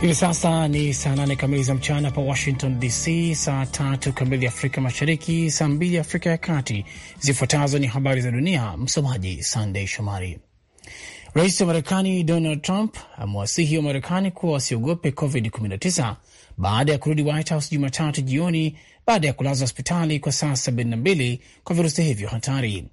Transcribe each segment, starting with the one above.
Hivi sasa ni saa nane kamili za mchana hapa Washington DC, saa tatu kamili Afrika Mashariki, saa mbili Afrika ya Kati. Zifuatazo ni habari za dunia, msomaji Sandey Shomari. Rais wa Marekani Donald Trump amewasihi wa Marekani kuwa wasiogope COVID-19 baada ya kurudi White House Jumatatu jioni baada ya kulazwa hospitali kwa saa 72 kwa virusi hivyo hatari.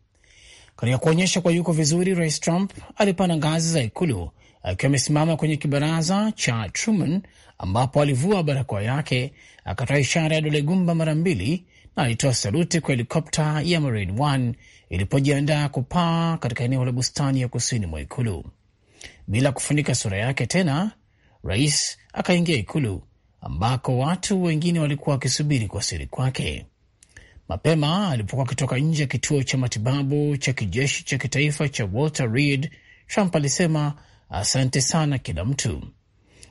Katika kuonyesha kwa yuko vizuri, Rais Trump alipanda ngazi za ikulu akiwa amesimama kwenye kibaraza cha Truman ambapo alivua barakoa yake, akatoa ishara ya dole gumba mara mbili na alitoa saluti kwa helikopta ya Marine One ilipojiandaa kupaa katika eneo la bustani ya kusini mwa ikulu. Bila kufunika sura yake tena, rais akaingia ikulu ambako watu wengine walikuwa wakisubiri kwa siri kwake. Mapema alipokuwa akitoka nje ya kituo cha matibabu cha kijeshi cha kitaifa cha Walter Reed, Trump alisema asante sana kila mtu.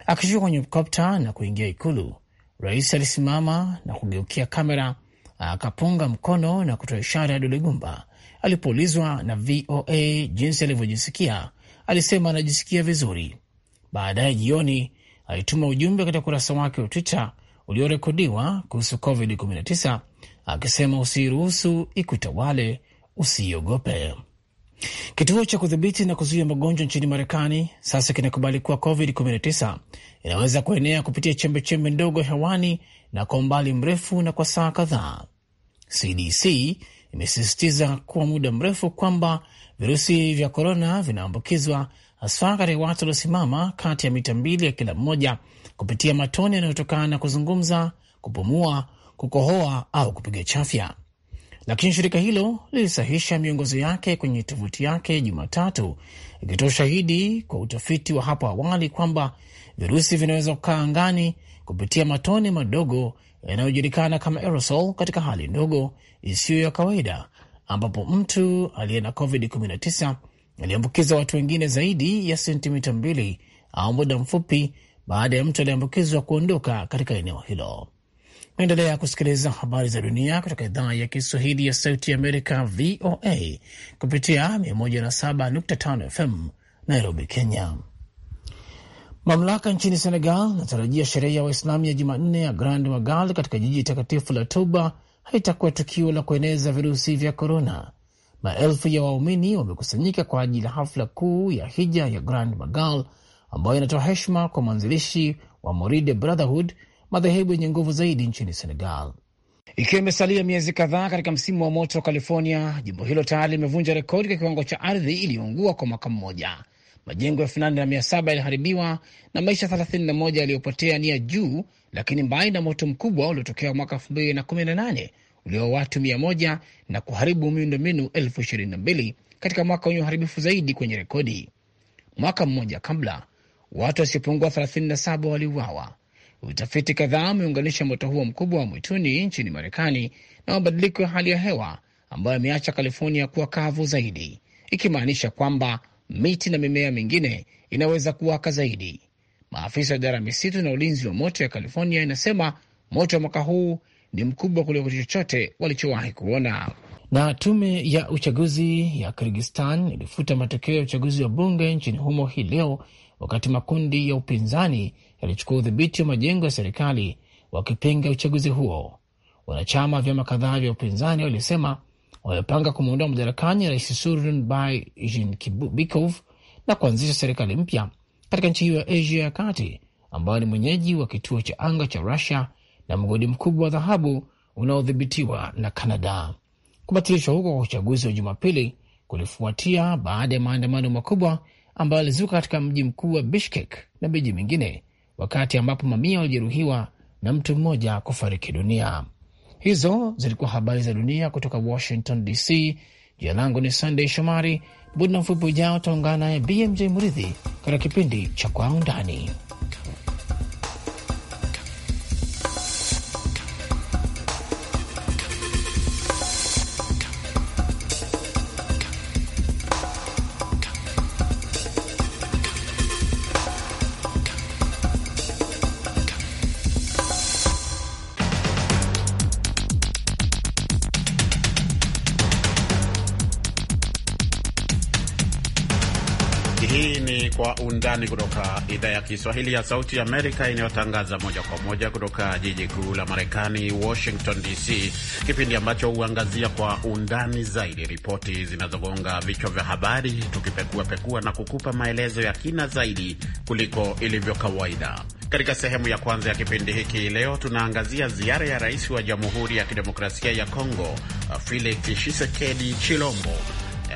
Akishuka kwenye helikopta na kuingia Ikulu, rais alisimama na kugeukia kamera, akapunga mkono na kutoa ishara ya dole gumba. Alipoulizwa na VOA jinsi alivyojisikia, alisema anajisikia vizuri. Baadaye jioni alituma ujumbe katika ukurasa wake wa Twitter uliorekodiwa kuhusu COVID-19 akisema, usiiruhusu ikutawale, usiogope. Kituo cha kudhibiti na kuzuia magonjwa nchini Marekani sasa kinakubali kuwa COVID-19 inaweza kuenea kupitia chembechembe ndogo hewani na kwa umbali mrefu na kwa saa kadhaa. CDC imesisitiza kwa muda mrefu kwamba virusi vya korona vinaambukizwa haswa katika watu waliosimama kati ya mita mbili ya kila mmoja kupitia matone yanayotokana na kuzungumza, kupumua, kukohoa au kupiga chafya lakini shirika hilo lilisahisha miongozo yake kwenye tovuti yake Jumatatu, ikitoa ushahidi kwa utafiti wa hapo awali kwamba virusi vinaweza kukaa angani kupitia matone madogo yanayojulikana kama aerosol katika hali ndogo isiyo ya kawaida, ambapo mtu aliye na COVID-19 aliambukiza watu wengine zaidi ya sentimita mbili au muda mfupi baada ya mtu aliyeambukizwa kuondoka katika eneo hilo. Naendelea kusikiliza habari za dunia kutoka idhaa ya Kiswahili ya Sauti Amerika, VOA, kupitia 107.5 FM Nairobi, Kenya. Mamlaka nchini Senegal natarajia sherehe ya Waislamu ya Jumanne ya Grand Magal katika jiji takatifu la Touba haitakuwa tukio la kueneza virusi vya korona. Maelfu ya waumini wamekusanyika kwa ajili ya hafla kuu ya hija ya Grand Magal ambayo inatoa heshima kwa mwanzilishi wa Moride Brotherhood madhehebu yenye nguvu zaidi nchini Senegal. Ikiwa imesalia miezi kadhaa katika msimu wa moto wa California, jimbo hilo tayari limevunja rekodi kwa kiwango cha ardhi iliyoungua kwa mwaka mmoja. Majengo elfu nane na mia saba yaliharibiwa na maisha 31 yaliyopotea ni ya juu, lakini mbali na moto mkubwa uliotokea mwaka 2018 ulio watu moja na kuharibu miundombinu elfu ishirini na mbili katika mwaka wenye uharibifu zaidi kwenye rekodi. Mwaka mmoja kabla watu wasiopungua 37 waliuawa Utafiti kadhaa umeunganisha moto huo mkubwa wa mwituni nchini Marekani na mabadiliko ya hali ya hewa ambayo ameacha California kuwa kavu zaidi, ikimaanisha kwamba miti na mimea mingine inaweza kuwaka zaidi. Maafisa wa idara ya misitu na ulinzi wa moto ya California inasema moto wa mwaka huu ni mkubwa kuliko chochote walichowahi kuona. Na tume ya uchaguzi ya Kyrgyzstan ilifuta matokeo ya uchaguzi wa bunge nchini humo hii leo, wakati makundi ya upinzani yalichukua udhibiti wa majengo ya serikali wakipinga uchaguzi huo. Wanachama vyama kadhaa vya upinzani walisema wamepanga kumuondoa madarakani Rais Sooronbai Jeenbekov na kuanzisha serikali mpya katika nchi hiyo ya Asia ya kati ambayo ni mwenyeji wa kituo cha anga cha Rusia na mgodi mkubwa wa dhahabu unaodhibitiwa na Kanada. Kubatilishwa huko kwa uchaguzi wa Jumapili kulifuatia baada ya maandamano makubwa ambayo yalizuka katika mji mkuu wa Bishkek na miji mingine wakati ambapo mamia walijeruhiwa na mtu mmoja kufariki dunia. Hizo zilikuwa habari za dunia kutoka Washington DC. Jina langu ni Sandey Shomari. Muda mfupi ujao utaungana naye BMJ Muridhi katika kipindi cha Kwa Undani. Undani kutoka idhaa ya Kiswahili ya Sauti Amerika inayotangaza moja kwa moja kutoka jiji kuu la Marekani, Washington DC, kipindi ambacho huangazia kwa undani zaidi ripoti zinazogonga vichwa vya habari, tukipekuapekua na kukupa maelezo ya kina zaidi kuliko ilivyo kawaida. Katika sehemu ya kwanza ya kipindi hiki leo tunaangazia ziara ya rais wa Jamhuri ya Kidemokrasia ya Kongo Felix Tshisekedi Chilombo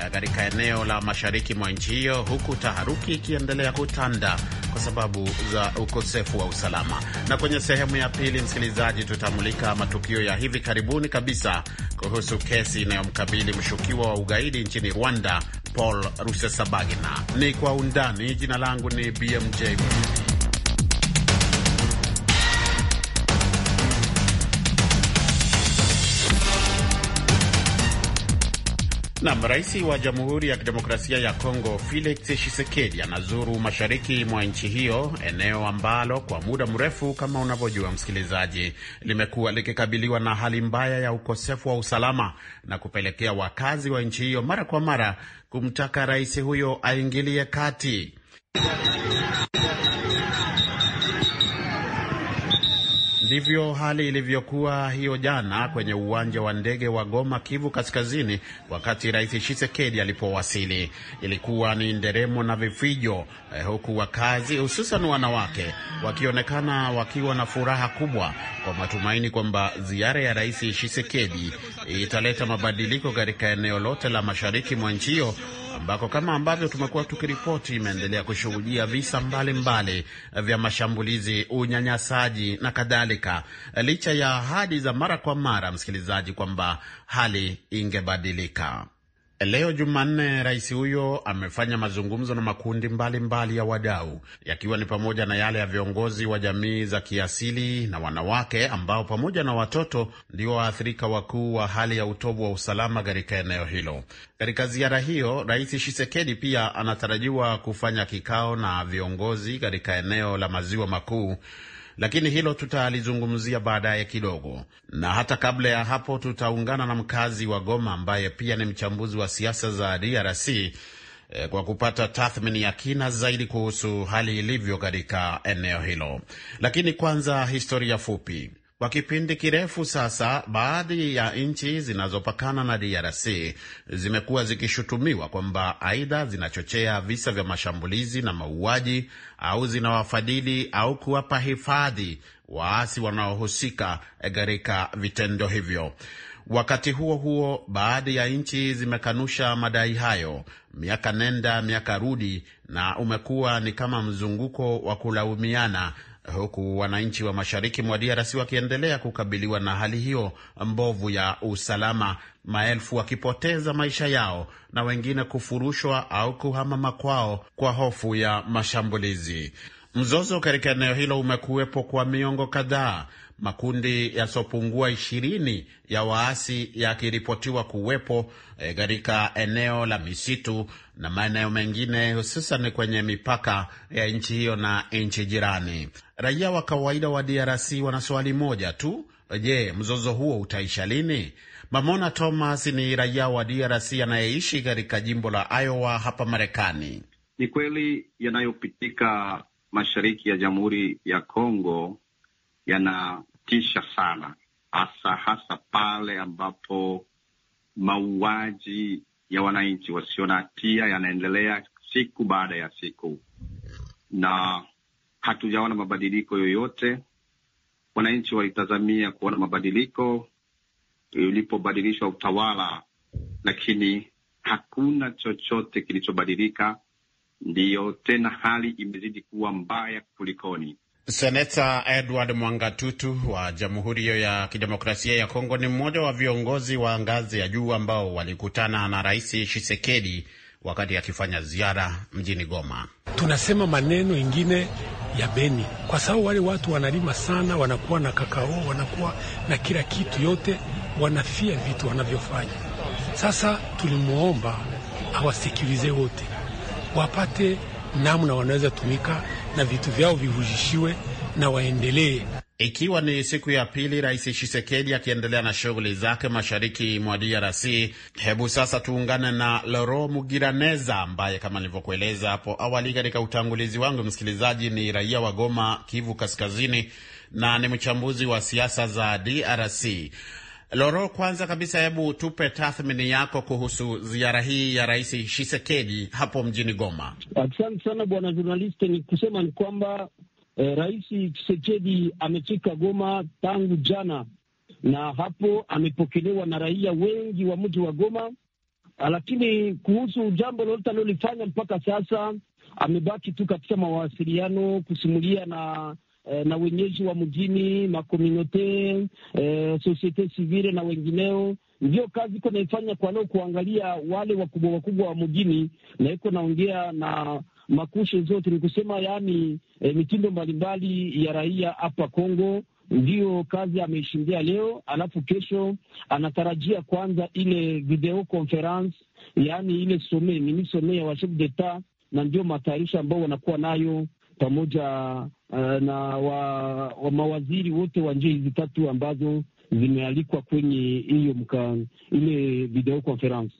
Eh, katika eneo la mashariki mwa nchi hiyo, huku taharuki ikiendelea kutanda kwa sababu za ukosefu wa usalama. Na kwenye sehemu ya pili, msikilizaji, tutamulika matukio ya hivi karibuni kabisa kuhusu kesi inayomkabili mshukiwa wa ugaidi nchini Rwanda, Paul Rusesabagina. Ni kwa undani. Jina langu ni BMJ. Nam, rais wa Jamhuri ya Kidemokrasia ya Kongo Felix Tshisekedi anazuru mashariki mwa nchi hiyo, eneo ambalo kwa muda mrefu kama unavyojua msikilizaji, limekuwa likikabiliwa na hali mbaya ya ukosefu wa usalama na kupelekea wakazi wa nchi hiyo mara kwa mara kumtaka rais huyo aingilie kati Ndivyo hali ilivyokuwa hiyo jana kwenye uwanja wa ndege wa Goma, Kivu Kaskazini, wakati Rais Tshisekedi alipowasili. Ilikuwa ni nderemo na vifijo eh, huku wakazi hususan wanawake wakionekana wakiwa na furaha kubwa kwa matumaini kwamba ziara ya Rais Tshisekedi italeta mabadiliko katika eneo lote la mashariki mwa nchi hiyo ambako kama ambavyo tumekuwa tukiripoti imeendelea kushuhudia visa mbalimbali mbali vya mashambulizi, unyanyasaji na kadhalika, licha ya ahadi za mara kwa mara, msikilizaji, kwamba hali ingebadilika. Leo Jumanne, rais huyo amefanya mazungumzo na makundi mbalimbali mbali ya wadau, yakiwa ni pamoja na yale ya viongozi wa jamii za kiasili na wanawake ambao pamoja na watoto ndio waathirika wakuu wa hali ya utovu wa usalama katika eneo hilo. Katika ziara hiyo, rais Tshisekedi pia anatarajiwa kufanya kikao na viongozi katika eneo la maziwa makuu lakini hilo tutalizungumzia baadaye kidogo. Na hata kabla ya hapo, tutaungana na mkazi wa Goma ambaye pia ni mchambuzi wa siasa za DRC eh, kwa kupata tathmini ya kina zaidi kuhusu hali ilivyo katika eneo hilo. Lakini kwanza historia fupi. Kwa kipindi kirefu sasa, baadhi ya nchi zinazopakana na DRC zimekuwa zikishutumiwa kwamba aidha zinachochea visa vya mashambulizi na mauaji au zinawafadhili au kuwapa hifadhi waasi wanaohusika katika vitendo hivyo. Wakati huo huo, baadhi ya nchi zimekanusha madai hayo. Miaka nenda miaka rudi, na umekuwa ni kama mzunguko wa kulaumiana huku wananchi wa mashariki mwa DRC wakiendelea kukabiliwa na hali hiyo mbovu ya usalama, maelfu wakipoteza maisha yao na wengine kufurushwa au kuhama makwao kwa hofu ya mashambulizi. Mzozo katika eneo hilo umekuwepo kwa miongo kadhaa, makundi yasiopungua ishirini ya waasi yakiripotiwa kuwepo e, katika e, eneo la misitu na maeneo mengine, hususan kwenye mipaka ya nchi hiyo na nchi jirani. Raia wa kawaida wa DRC wana swali moja tu: je, mzozo huo utaisha lini? Mamona Thomas ni raia wa DRC anayeishi katika jimbo la Iowa hapa Marekani. Ni kweli yanayopitika mashariki ya Jamhuri ya congo yanatisha sana, hasa hasa pale ambapo mauaji ya wananchi wasio na hatia yanaendelea siku baada ya siku, na hatujaona mabadiliko yoyote. Wananchi walitazamia kuona mabadiliko ulipobadilishwa utawala, lakini hakuna chochote kilichobadilika. Ndiyo tena hali imezidi kuwa mbaya kulikoni. Seneta Edward Mwangatutu wa Jamhuri hiyo ya Kidemokrasia ya Kongo ni mmoja wa viongozi wa ngazi ya juu ambao walikutana na Rais Tshisekedi wakati akifanya ziara mjini Goma. Tunasema maneno ingine ya Beni kwa sababu wale watu wanalima sana, wanakuwa na kakao, wanakuwa na kila kitu yote, wanafia vitu wanavyofanya. Sasa tulimwomba awasikilize wote, wapate namna wanaweza tumika na vitu vyao vihujishiwe na waendelee ikiwa ni siku ya pili Rais Tshisekedi akiendelea na shughuli zake mashariki mwa DRC. Hebu sasa tuungane na Loro Mugiraneza ambaye kama nilivyokueleza hapo awali katika utangulizi wangu, msikilizaji, ni raia wa Goma, Kivu Kaskazini, na ni mchambuzi wa siasa za DRC. Loro, kwanza kabisa, hebu tupe tathmini yako kuhusu ziara hii ya Rais Tshisekedi hapo mjini Goma. Asante sana bwana jurnalisti, ni kusema ni kwamba eh, Rais Chisekedi amefika Goma tangu jana, na hapo amepokelewa na raia wengi wa mji wa Goma, ah, lakini kuhusu jambo lolote alilolifanya mpaka sasa amebaki tu katika mawasiliano kusimulia na eh, na wenyeji wa mjini makomunote, eh, sosiete sivile na wengineo. ndio kazi iko naifanya kwa leo, kuangalia wale wakubwa wakubwa wa mjini, na iko naongea na makushe zote, ni kusema yaani e, mitindo mbalimbali ya raia hapa Kongo ndiyo kazi ameishindia leo, alafu kesho anatarajia kwanza ile video conference, yaani ile some mini some ya washef d'etat, na ndio matayarisho ambao wanakuwa nayo pamoja uh, na wa, wa mawaziri wote wa njia hizi tatu ambazo zimealikwa kwenye hiyo ile video conference.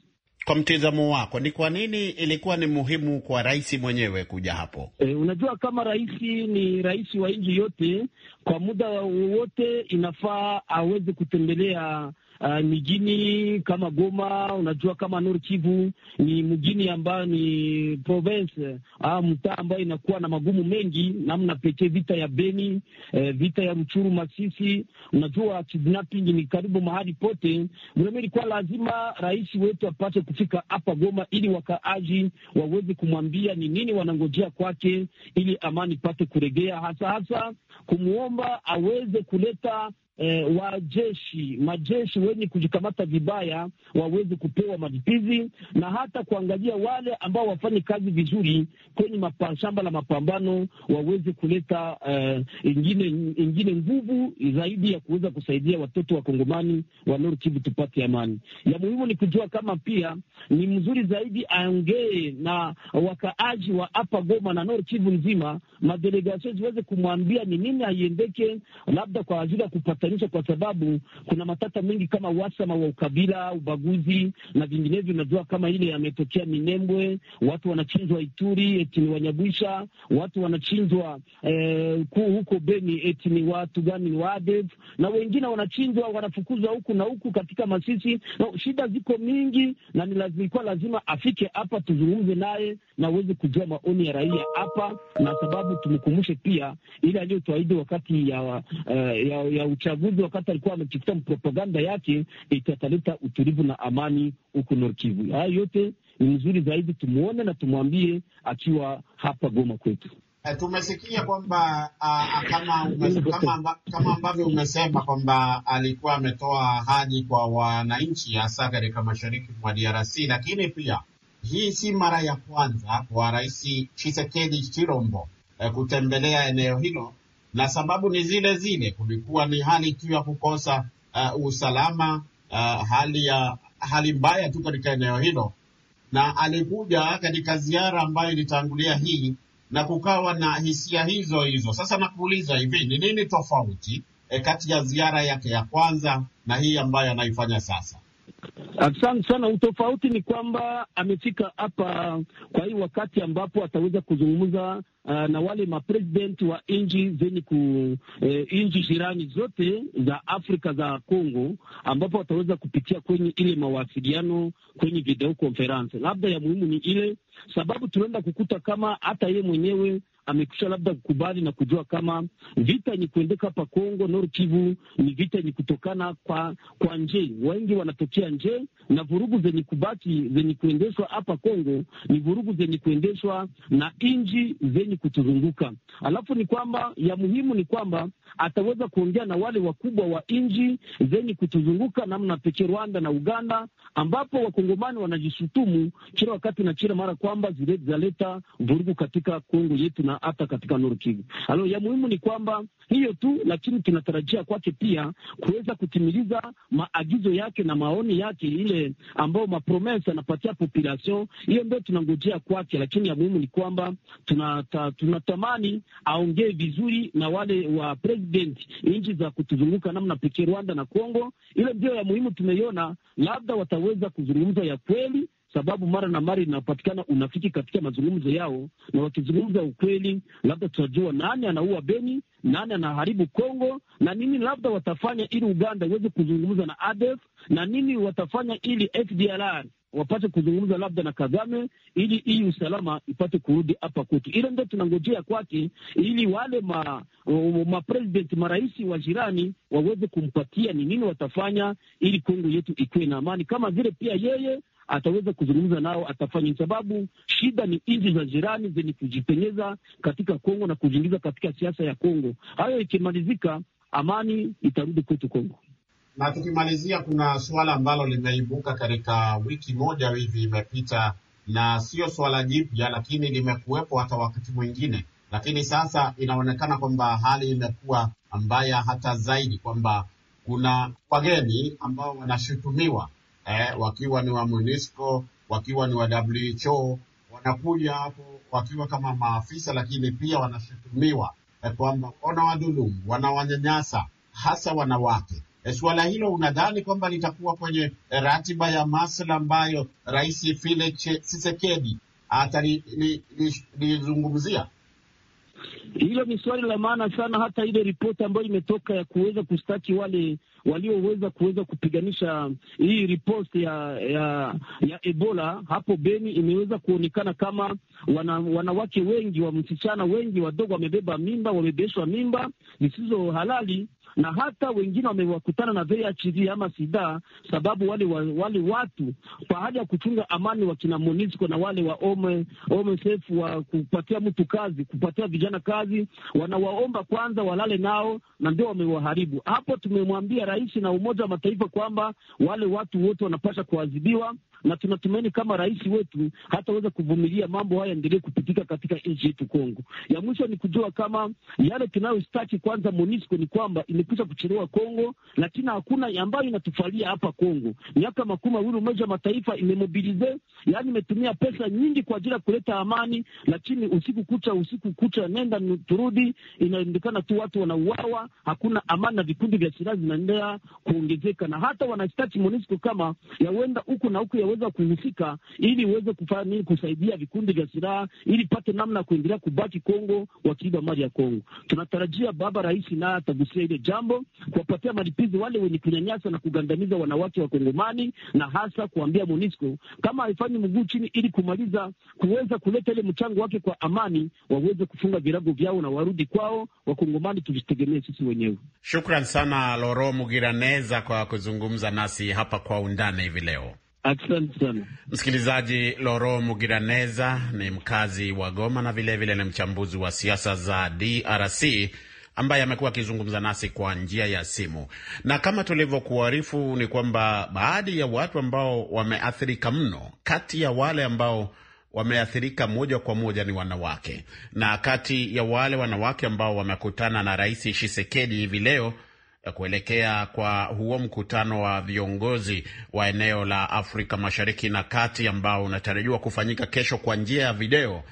Kwa mtizamo wako ni kwa nini ilikuwa ni muhimu kwa rais mwenyewe kuja hapo? E, unajua kama rais ni rais wa nchi yote, kwa muda wowote inafaa aweze kutembelea uh, ah, mijini kama Goma, unajua kama Nord Kivu ni mjini ambayo ni province uh, mtaa ambayo inakuwa na magumu mengi, namna pekee vita ya Beni, uh, vita ya Ruchuru, Masisi, unajua kidnapping ni karibu mahali pote. Mimi ilikuwa lazima rais wetu apate kufika hapa Goma ili wakaaji waweze kumwambia ni nini wanangojea kwake, ili amani pate kuregea, hasa hasa kumuomba aweze kuleta e, eh, wajeshi majeshi wenye kujikamata vibaya waweze kupewa malipizi na hata kuangalia wale ambao wafanye kazi vizuri kwenye shamba la mapambano waweze kuleta eh, ingine, nguvu zaidi ya kuweza kusaidia watoto wa Kongomani wa Nord Kivu tupate amani. Ya muhimu ni kujua kama pia ni mzuri zaidi aongee na wakaaji wa hapa Goma na Nord Kivu nzima, madelegasio ziweze kumwambia ni nini aiendeke, labda kwa ajili ya kupata kuunganisha, kwa sababu kuna matata mengi kama uhasama wa ukabila, ubaguzi na vinginevyo. Unajua kama ile yametokea Minembwe, watu wanachinjwa Ituri eti ni Wanyabwisha, watu wanachinjwa eh, huko Beni eti ni watu gani? Ni Waadef na wengine wanachinjwa, wanafukuzwa huku na huku katika Masisi. No, shida ziko mingi na nilikuwa lazima afike hapa tuzungumze naye na uweze kujua maoni ya raia hapa, na sababu tumkumbushe pia ile aliyotwahidi wakati ya, eh, ya, ya uchaguzi uchaguzi, wakati alikuwa amechukua propaganda yake, itataleta utulivu na amani huko Nord Kivu. Haya yote ni mzuri zaidi, tumwone na tumwambie akiwa hapa Goma kwetu. E, tumesikia kwamba ah, ah, kama, kama, kama ambavyo umesema kwamba alikuwa ametoa ahadi kwa wananchi hasa katika mashariki mwa DRC, lakini pia hii si mara ya kwanza kwa Rais Tshisekedi Chilombo e, eh, kutembelea eneo hilo na sababu ni zile zile. Kulikuwa ni hali tu ya kukosa uh, usalama uh, hali ya hali mbaya tu katika eneo hilo, na alikuja katika ziara ambayo ilitangulia hii na kukawa na hisia hizo hizo. Sasa nakuuliza hivi, ni nini tofauti e, kati ya ziara yake ya kwanza na hii ambayo anaifanya sasa? Asante sana. Utofauti ni kwamba amefika hapa kwa hii wakati ambapo ataweza kuzungumza uh, na wale mapresident wa nchi zenye ku eh, nchi jirani zote za Afrika za congo ambapo ataweza kupitia kwenye ile mawasiliano kwenye video conference. Labda ya muhimu ni ile sababu tunaenda kukuta kama hata yeye mwenyewe amekusha labda kukubali na kujua kama vita yenye kuendeka hapa Kongo Nord Kivu ni vita yenye kutokana kwa kwa nje, wengi wanatokea nje, na vurugu zenye kubaki zenye kuendeshwa hapa Kongo ni vurugu zenye kuendeshwa na nchi zenye kutuzunguka. Alafu ni kwamba ya muhimu ni kwamba ataweza kuongea na wale wakubwa wa nchi zenye kutuzunguka, namna pekee Rwanda na Uganda, ambapo wakongomani wanajishutumu kila wakati na kila mara kwamba zileta vurugu katika Kongo yetu na hata katika Nord Kivu. Alo, ya muhimu ni kwamba hiyo tu, lakini tunatarajia kwake pia kuweza kutimiliza maagizo yake na maoni yake ile ambayo mapromesa anapatia population, hiyo ndio tunangojea kwake, lakini ya muhimu ni kwamba tunata, tunatamani aongee vizuri na wale wa president nchi za kutuzunguka namna pekee Rwanda na Kongo. Ile ndio ya muhimu tumeiona, labda wataweza kuzungumza ya kweli sababu mara na mara inapatikana unafiki katika mazungumzo yao, na wakizungumza ukweli, labda tutajua nani anaua Beni, nani anaharibu Kongo na nini labda watafanya ili Uganda iweze kuzungumza na ADF na nini watafanya ili FDLR wapate kuzungumza labda na Kagame ili hii usalama ipate kurudi hapa kwetu. Ile ndio tunangojea kwake, ili wale ma mapresident marais wa jirani waweze kumpatia ni nini watafanya ili Kongo yetu ikuwe na amani, kama vile pia yeye ataweza kuzungumza nao, atafanya sababu. Shida ni nchi za jirani zenye kujipenyeza katika Kongo na kujiingiza katika siasa ya Kongo. Hayo ikimalizika, amani itarudi kwetu Kongo. Na tukimalizia, kuna suala ambalo limeibuka katika wiki moja hivi imepita, na sio suala jipya, lakini limekuwepo hata wakati mwingine, lakini sasa inaonekana kwamba hali imekuwa mbaya hata zaidi, kwamba kuna wageni ambao wanashutumiwa eh, wakiwa ni wa MONUSCO, wakiwa ni wa WHO, wanakuja hapo wakiwa kama maafisa, lakini pia wanashutumiwa eh, kwamba wanawadhulumu, wanawanyanyasa hasa wanawake. E, suala hilo unadhani kwamba litakuwa kwenye eh, ratiba ya masuala ambayo Rais Felix Tshisekedi atalilizungumzia? Hilo ni swali la maana sana. Hata ile ripoti ambayo imetoka ya kuweza kustaki wale walioweza kuweza kupiganisha hii ripoti ya, ya ya Ebola hapo Beni imeweza kuonekana kama wana, wanawake wengi wa msichana wengi wadogo wamebeba mimba, wamebeshwa mimba zisizo halali na hata wengine wamewakutana na VHV ama sida, sababu wale, wa, wale watu kwa hali ya kuchunga amani wakina MONUSCO na wale wa OMSF wa kupatia mtu kazi, kupatia vijana kazi, wanawaomba kwanza walale nao na ndio wamewaharibu hapo. Tumemwambia rais na Umoja wa Mataifa kwamba wale watu wote wanapasha kuadhibiwa na tunatumaini kama rais wetu hataweza kuvumilia mambo haya endelee kupitika katika nchi yetu Kongo. Ya mwisho ni kujua kama yale tunayostaki kwanza MONUSCO ni kwamba imekwisha kuchelewa Kongo, lakini hakuna ambayo inatufalia hapa Kongo. Miaka makumi mawili Umoja wa Mataifa imemobilize, yaani imetumia pesa nyingi kwa ajili ya kuleta amani, lakini usiku kucha usiku kucha, nenda turudi, inaendekana tu watu wanauawa, hakuna amani na vikundi vya silaha zinaendelea kuongezeka, na hata wanastaki MONUSCO kama yawenda huku na huku ya unaweza kuhusika ili uweze kufanya nini, kusaidia vikundi vya silaha ili pate namna ya kuendelea kubaki Kongo, wakiiba mali ya Kongo. Tunatarajia baba rais naye atagusia ile jambo, kuwapatia malipizi wale wenye kunyanyasa na kugandamiza wanawake wa Kongomani, na hasa kuambia MONUSCO kama haifanyi mguu chini ili kumaliza kuweza kuleta ile mchango wake kwa amani, waweze kufunga virago vyao na warudi kwao. Wakongomani tujitegemee sisi wenyewe. Shukran sana Loro Mugiraneza kwa kuzungumza nasi hapa kwa undani hivi leo. Asante sana msikilizaji. Loro Mugiraneza ni mkazi wa Goma na vilevile ni mchambuzi wa siasa za DRC ambaye amekuwa akizungumza nasi kwa njia ya simu, na kama tulivyokuarifu ni kwamba baadhi ya watu ambao wameathirika mno, kati ya wale ambao wameathirika moja kwa moja ni wanawake, na kati ya wale wanawake ambao wamekutana na Rais Tshisekedi hivi leo kuelekea kwa huo mkutano wa viongozi wa eneo la Afrika Mashariki na Kati ambao unatarajiwa kufanyika kesho kwa njia ya video.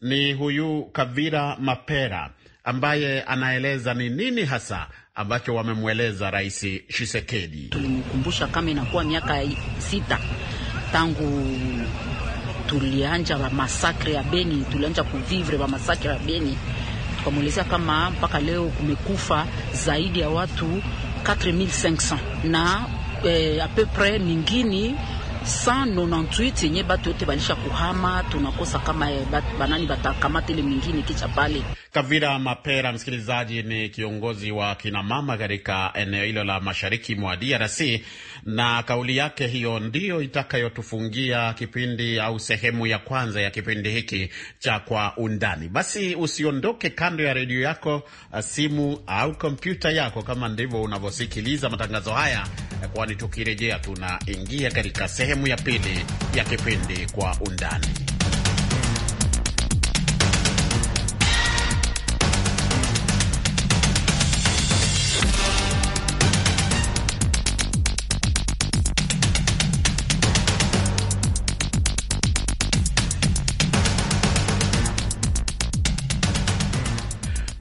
Ni huyu Kavira Mapera ambaye anaeleza ni nini hasa ambacho wamemweleza Rais Tshisekedi. Tulimkumbusha kama inakuwa miaka sita tangu tulianja masakre ya Beni, tulianja kuvivre masakre ya Beni tukamwelezea kama mpaka leo kumekufa zaidi ya watu 4500 na eh, a peu près mingine 198 yenye batu yote balisha kuhama, tunakosa kama e, bat, banani batakamata ile mwingine kicha pale. Kavira Mapera, msikilizaji, ni kiongozi wa kinamama katika eneo hilo la mashariki mwa DRC, na kauli yake hiyo ndiyo itakayotufungia kipindi au sehemu ya kwanza ya kipindi hiki cha Kwa Undani. Basi usiondoke kando ya redio yako, eh, simu au kompyuta yako, kama ndivyo unavyosikiliza matangazo haya, eh, kwani tukirejea tunaingia katika sehemu sehemu ya pili ya kipindi Kwa Undani.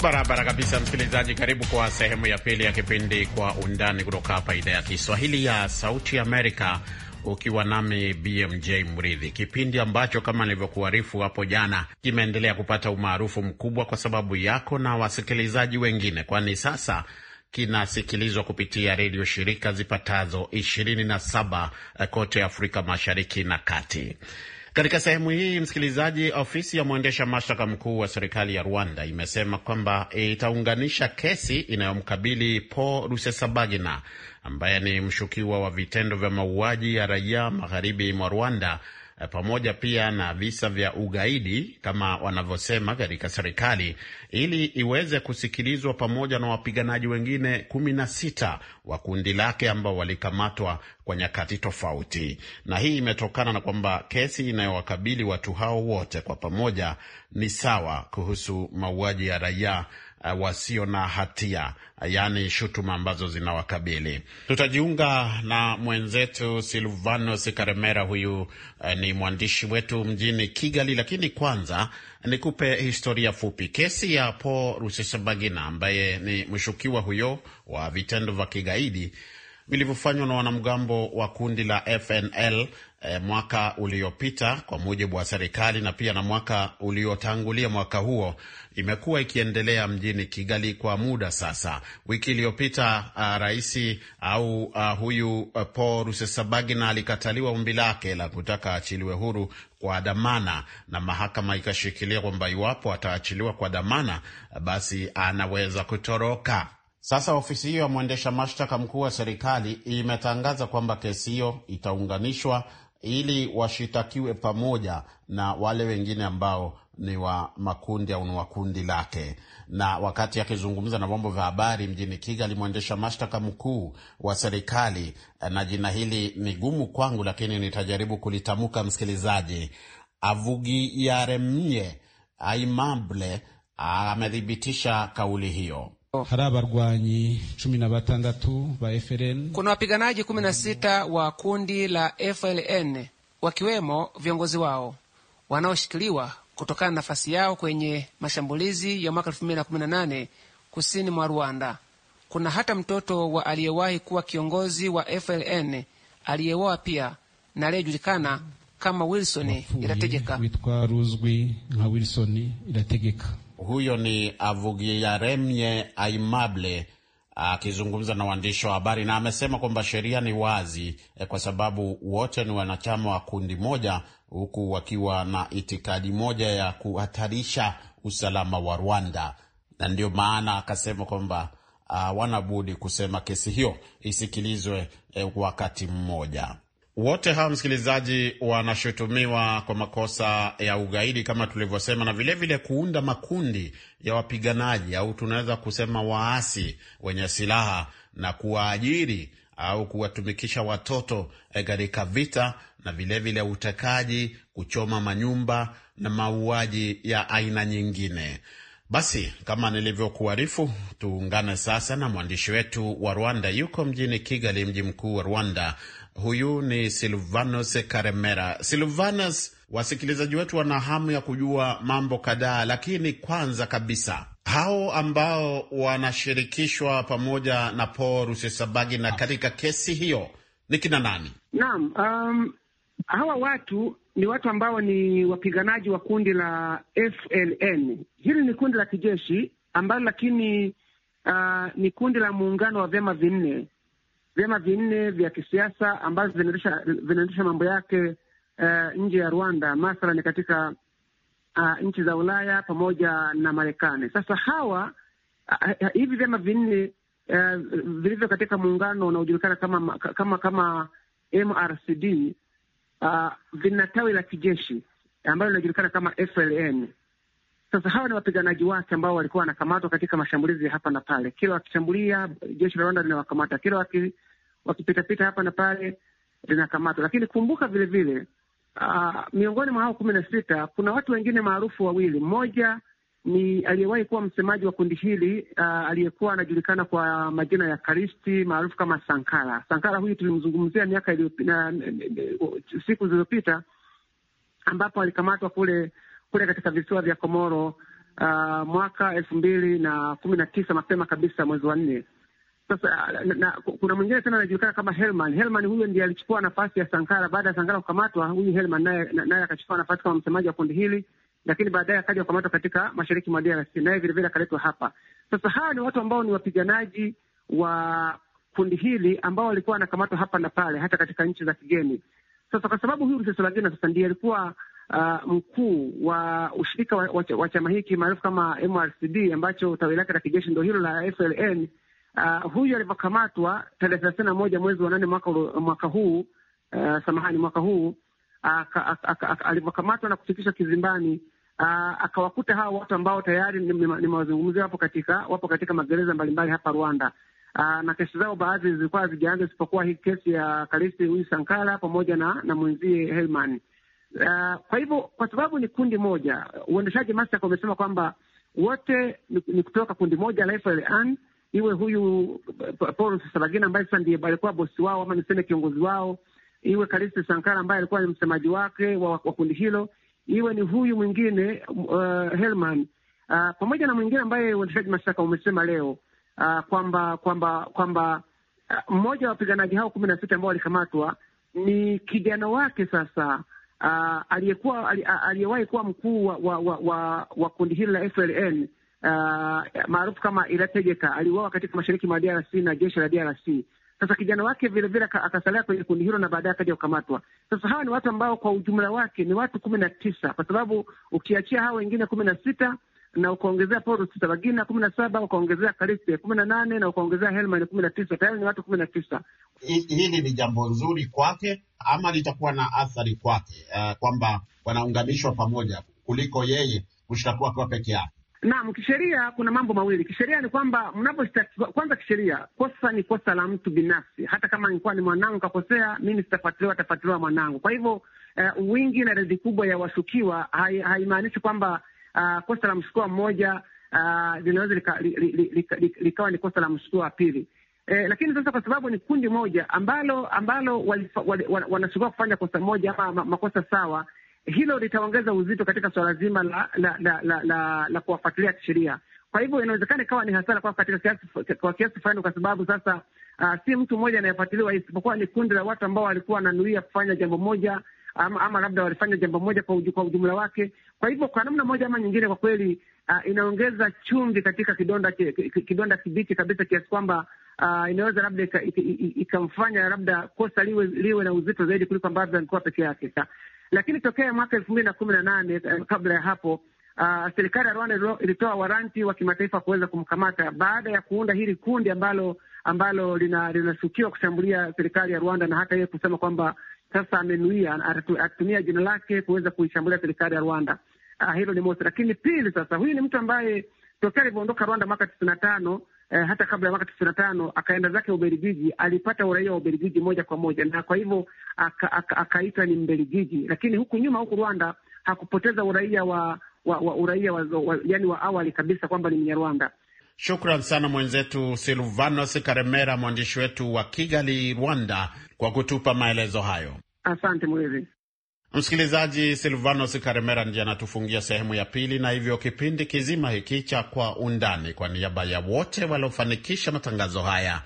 Barabara kabisa, msikilizaji, karibu kwa sehemu ya pili ya kipindi Kwa Undani kutoka hapa idhaa ya Kiswahili ya Sauti Amerika, ukiwa nami BMJ Mridhi, kipindi ambacho kama nilivyokuarifu hapo jana kimeendelea kupata umaarufu mkubwa kwa sababu yako na wasikilizaji wengine, kwani sasa kinasikilizwa kupitia redio shirika zipatazo 27 eh, kote Afrika Mashariki na Kati. Katika sehemu hii, msikilizaji, ofisi ya mwendesha mashtaka mkuu wa serikali ya Rwanda imesema kwamba itaunganisha kesi inayomkabili Paul Rusesabagina ambaye ni mshukiwa wa vitendo vya mauaji ya raia magharibi mwa Rwanda eh, pamoja pia na visa vya ugaidi kama wanavyosema katika serikali, ili iweze kusikilizwa pamoja na wapiganaji wengine kumi na sita wa kundi lake ambao walikamatwa kwa nyakati tofauti. Na hii imetokana na kwamba kesi inayowakabili watu hao wote kwa pamoja ni sawa kuhusu mauaji ya raia uh, wasio na hatia, eh, yaani shutuma ambazo zinawakabili. Tutajiunga na mwenzetu Silvanos Karemera, huyu eh, ni mwandishi wetu mjini Kigali, lakini kwanza nikupe historia fupi. Kesi ya Paul Rusesabagina ambaye ni mshukiwa huyo wa vitendo vya kigaidi vilivyofanywa na wanamgambo wa kundi la FNL e, mwaka uliopita kwa mujibu wa serikali na pia na mwaka uliotangulia mwaka huo imekuwa ikiendelea mjini Kigali kwa muda sasa. Wiki iliyopita ah, rais au uh, huyu uh, Paul Rusesabagina alikataliwa ombi lake la kutaka aachiliwe huru kwa dhamana, na mahakama ikashikilia kwamba iwapo ataachiliwa kwa dhamana, basi anaweza kutoroka. Sasa ofisi hiyo ya mwendesha mashtaka mkuu wa serikali imetangaza kwamba kesi hiyo itaunganishwa ili washitakiwe pamoja na wale wengine ambao ni wa makundi au ni wa kundi lake. Na wakati akizungumza na vyombo vya habari mjini Kigali, mwendesha mashtaka mkuu wa serikali, na jina hili ni gumu kwangu, lakini nitajaribu kulitamka, msikilizaji, Avugiyaremye Aimable amethibitisha kauli hiyo. Kuna wapiganaji kumi na sita wa kundi la FLN wakiwemo viongozi wao wanaoshikiliwa kutokana na nafasi yao kwenye mashambulizi ya mwaka 2018 kusini mwa Rwanda. Kuna hata mtoto wa aliyewahi kuwa kiongozi wa FLN aliyeoa pia na aliyejulikana kama Wilson Irategeka. Huyo ni Avugiyaremye Aimable akizungumza na waandishi wa habari, na amesema kwamba sheria ni wazi eh, kwa sababu wote ni wanachama wa kundi moja, huku wakiwa na itikadi moja ya kuhatarisha usalama wa Rwanda, na ndio maana akasema kwamba ah, wanabudi uh, kusema kesi hiyo isikilizwe eh, wakati mmoja. Wote hawa msikilizaji, wanashutumiwa kwa makosa ya ugaidi kama tulivyosema, na vilevile vile kuunda makundi ya wapiganaji au tunaweza kusema waasi wenye silaha na kuwaajiri au kuwatumikisha watoto eh, katika vita na vilevile vile utekaji, kuchoma manyumba na mauaji ya aina nyingine. Basi kama nilivyokuarifu, tuungane sasa na mwandishi wetu wa Rwanda, yuko mjini Kigali, mji mkuu wa Rwanda, Huyu ni Silvanus Karemera. Silvanus, wasikilizaji wetu wana hamu ya kujua mambo kadhaa, lakini kwanza kabisa hao ambao wanashirikishwa pamoja na Paul Rusesabagi na katika kesi hiyo ni kina nani? Naam, um, hawa watu ni watu ambao ni wapiganaji wa kundi la FLN. Hili ni kundi la kijeshi ambalo lakini, uh, ni kundi la muungano wa vyama vinne vyama vinne vya kisiasa ambavyo vinaendesha mambo yake uh, nje ya Rwanda, mathalani katika uh, nchi za Ulaya pamoja na Marekani. Sasa hawa uh, hivi vyama vinne uh, vilivyo katika muungano unaojulikana kama kama kama MRCD uh, ah, vina tawi la kijeshi ambalo linajulikana kama FLN. Sasa hawa ni wapiganaji wake ambao walikuwa wanakamatwa katika mashambulizi hapa na pale, kila wakishambulia jeshi la Rwanda linawakamata, kila waki wakipitapita hapa na pale linakamatwa. Lakini kumbuka vilevile uh, ah, miongoni mwa hao kumi na sita kuna watu wengine maarufu wawili. Mmoja ni aliyewahi kuwa msemaji wa kundi hili uh, aliyekuwa anajulikana kwa majina ya Karisti maarufu kama Sankara. Sankara huyu tulimzungumzia miaka iliyopita, siku zilizopita ambapo alikamatwa kule kule katika visiwa vya Komoro uh, mwaka elfu mbili na kumi na tisa mapema kabisa mwezi wa nne. Sasa na, kuna mwingine tena anajulikana kama Helman. Helman huyo ndiye alichukua nafasi ya Sankara baada ya Sankara kukamatwa. Huyu Helman naye naye akachukua nafasi kama msemaji wa kundi hili, lakini baadaye akaja kukamatwa katika mashariki mwa DRC, naye vilevile akaletwa hapa. Sasa hawa ni watu ambao ni wapiganaji wa kundi hili ambao walikuwa wanakamatwa hapa na pale, hata katika nchi za kigeni. Sasa kwa sababu huyu Msesolagina sasa ndiye alikuwa uh, mkuu wa ushirika wa, wa, wa chama hiki maarufu kama MRCD ambacho tawi lake la kijeshi ndo hilo la FLN Uh, huyu alivyokamatwa tarehe thelathini na moja mwezi wa nane mwaka, mwaka huu uh, samahani mwaka huu ah, alivyokamatwa na kufikishwa kizimbani uh, akawakuta hawa watu ambao tayari nimewazungumzia wapo katika wapo katika magereza mbalimbali hapa Rwanda. Uh, na kesi zao baadhi zilikuwa hazijaanza isipokuwa hii kesi ya Kalisti huyu Sankara pamoja na, na mwenzie Helman. Uh, kwa hivyo kwa sababu ni kundi moja, uendeshaji mashtaka umesema kwamba wote ni, ni kutoka kundi moja la FLN iwe huyu eh, Paul Saragina ambaye sasa ndiye alikuwa bosi wao ama niseme kiongozi wao, iwe Kalisi Sankara ambaye alikuwa ni msemaji wake wa, wa kundi hilo, iwe ni huyu mwingine uh, eh, Helman uh, ah, pamoja na mwingine ambaye uendeshaji mashtaka umesema leo uh, kwamba kwamba kwamba ah, mmoja wa wapiganaji hao kumi na sita ambao walikamatwa ni kijana wake sasa uh, aliyekuwa aliyewahi kuwa mkuu wa, wa, wa, wa, wa kundi hili la FLN Uh, maarufu kama Irategeka aliuawa katika mashariki mwa DRC na jeshi la DRC. Sasa kijana wake vilevile akasalia kwenye kundi hilo na baadaye akaja kukamatwa. Sasa hawa ni watu ambao kwa ujumla wake ni watu kumi na tisa kwa sababu ukiachia hawa wengine kumi na sita na ukaongezea Paul Rusesabagina kumi na saba ukaongezea Kaliste kumi na nane na ukaongezea Helman kumi na tisa tayari ni watu kumi na tisa. Hili ni jambo nzuri kwake ama litakuwa na athari kwake, uh, kwamba wanaunganishwa pamoja kuliko yeye kushtakiwa kwa peke yake? Naam, kisheria kuna mambo mawili. Kisheria ni kwamba mnaposhtakiwa, kwanza kisheria kosa ni kosa la mtu binafsi. Hata kama nilikuwa ni mwanangu kakosea, mimi sitafuatiliwa, atafuatiliwa mwanangu. Kwa hivyo uh, wingi na redhi kubwa ya washukiwa haimaanishi hai kwamba uh, kosa la mshukiwa mmoja uh, linaweza likawa li, li, li, li, li, ni kosa la mshukiwa wa pili. Eh, lakini sasa kwa sababu ni kundi moja ambalo ambalo wanashukiwa wali, wali, wali, kufanya kosa moja ama makosa sawa hilo litaongeza uzito katika suala zima la la la, la, la, la kuwafuatilia kisheria. Kwa hivyo inawezekana ikawa ni hasara kwa katika kiasi, kwa kiasi fulani, kwa sababu sasa uh, si mtu mmoja anayefuatiliwa, isipokuwa ni kundi la watu ambao walikuwa wananuia kufanya jambo moja ama, ama labda walifanya jambo moja kwa, uju, kwa ujumla wake. Kwa hivyo kwa namna moja ama nyingine, kwa kweli uh, inaongeza chumvi katika kidonda kidonda kibichi kabisa, kiasi kwamba uh, inaweza labda ikamfanya labda kosa liwe liwe na uzito zaidi kuliko ambavyo alikuwa peke yake. Lakini tokea mwaka elfu mbili na kumi na nane eh, kabla ya hapo Uh, serikali ya Rwanda ilitoa waranti wa kimataifa kuweza kumkamata baada ya kuunda hili kundi ambalo ambalo linashukiwa lina kushambulia serikali ya Rwanda, na hata yeye kusema kwamba sasa amenuia atatumia jina lake kuweza kuishambulia serikali ya Rwanda. Uh, hilo ni mosi, lakini pili, sasa huyu ni mtu ambaye tokea alivyoondoka Rwanda mwaka tisini na tano eh, hata kabla ya mwaka tisini na tano akaenda zake Ubelgiji, alipata uraia wa Ubelgiji moja kwa moja, na kwa hivyo akaitwa aka, aka ni Mbelgiji. Lakini huku nyuma, huku Rwanda hakupoteza uraia wa, wa, wa uraia wa, wa, yani wa awali kabisa kwamba ni Mnyarwanda. Shukran sana mwenzetu Silvanos Karemera, mwandishi wetu wa Kigali, Rwanda, kwa kutupa maelezo hayo. Asante Mwezi. Msikilizaji, Silvanos Karemera ndiye anatufungia sehemu ya pili, na hivyo kipindi kizima hiki cha Kwa Undani, kwa niaba ya wote waliofanikisha matangazo haya,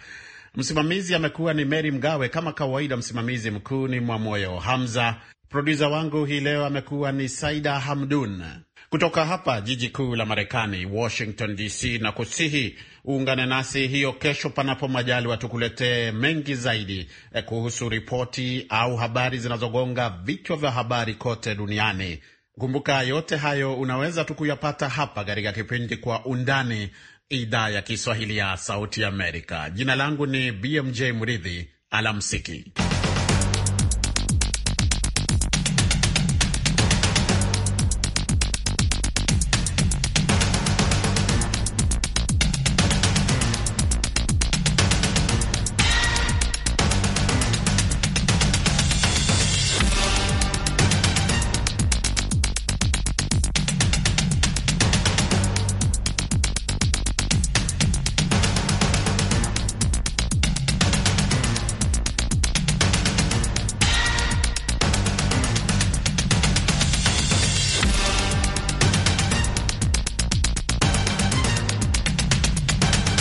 msimamizi amekuwa ni Meri Mgawe. Kama kawaida, msimamizi mkuu ni Mwamoyo Hamza. Produsa wangu hii leo amekuwa ni Saida Hamdun kutoka hapa jiji kuu la Marekani, Washington DC, na kusihi Uungane nasi hiyo kesho, panapo majali watukuletee mengi zaidi eh, kuhusu ripoti au habari zinazogonga vichwa vya habari kote duniani. Kumbuka yote hayo unaweza tu kuyapata hapa katika kipindi Kwa Undani, idhaa ya Kiswahili ya Sauti Amerika. Jina langu ni BMJ Mridhi. Alamsiki.